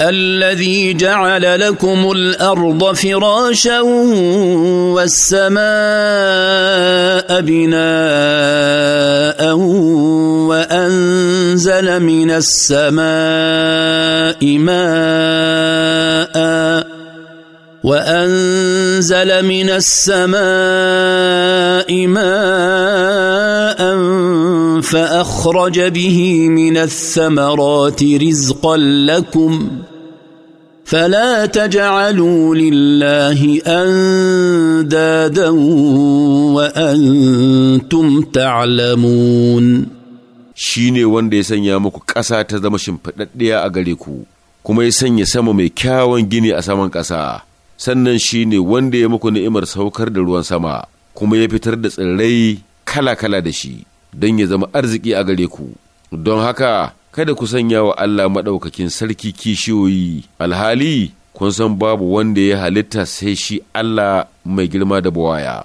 الذي جعل لكم الارض فراشا والسماء بناء وانزل من السماء ماء وانزل من السماء ماء فأخرج به من الثمرات رزقا لكم فلا تجعلوا لله أندادا وأنتم تعلمون shine wanda ya sanya muku ƙasa ta zama shimfiɗaɗɗiya a gare kuma ya sanya sama mai kyawun gini a saman ƙasa sannan shine wanda ya muku ni'imar saukar da ruwan sama kuma ya fitar da tsirrai kala-kala da shi don ya zama arziki a gare ku don haka kada ku sanya wa Allah maɗaukakin sarki kishiyoyi alhali kun san babu wanda ya halitta sai shi Allah mai girma da bawaya